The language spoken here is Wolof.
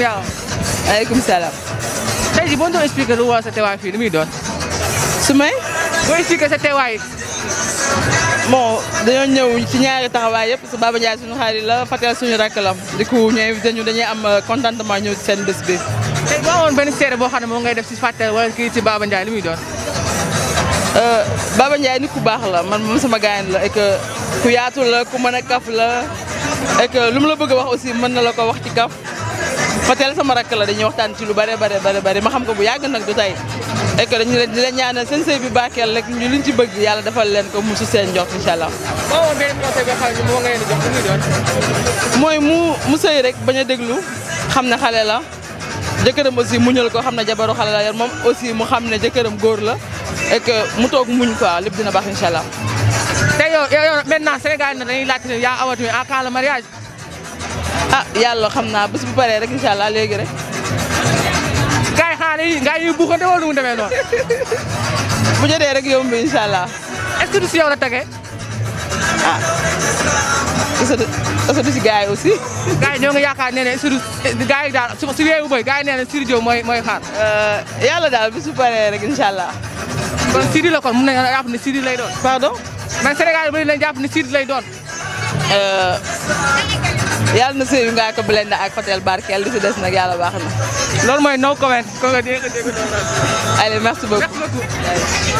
waaw aleykum salaam. tey jii boo doon expliqué lu waral sa teewaay fii lu muy doon. su may. boo expliqué sa teewaay. bon dañoo ñëw ci ñaari taxawaay yëpp parce que Baba Ndiaye suñu xarit la Fatel suñu rakk la du ñu invité dañuy am uh, contentement ñëw ci seen bés bi. tey boo amoon benn seere boo xam ne moom ngay def ci Fatel wala kii ci e Baba Ndiaye lu muy doon. Baba Ndiaye nit ku baax la man moom sama gaañ la et ku yaatu la ku mën a kaf la et lu mu la bëgg wax aussi mën na la ko wax ci kaf. Fatel sama rakk la dañuy waxtaan ci lu bare bare bare bare ma xam ko leen di leen ñaanal seen sëy bi bàkkeel mooy mu mu sëy rek bañ a déglu xam ne xale la jëkkëram aussi muñal ko xam ne jabaru xale la yor moom aussi mu xam ne jëkkëram góor la et mu toog muñ quoi lépp dina baax incha allah. te yow yow maintenant Sénégal na dañuy laajte ne yaa awatuñu à ah, quand le mariage. ah yàlla xam naa bés bu paree rek incha allah léegi rek. gaay xaale yi gaay yi buuxante wala demee noonu. bu jotee rek yomb incha allah. est si yow la tege. ah est-ce si gaay aussi. gaay ñoo ngi yaakaar ne ne sur gaay yi daal su weewu mooy gaay nee na studio mooy mooy xaar. Euh, yàlla daal bés bu paree rek incha allah. kon Sidi la kon mun nañu jàpp ne Sidi lay doon. pardon. man Sénégal yi jàpp ne Sidi lay doon. Euh, yàlla na sëy bi ngaa ko blende ak hôtel barkeel lu si des nag yàlla baax na. loolu mooy no comment. kooku dégg nga dégg naa. allez merci beaucoup merci beaucoup.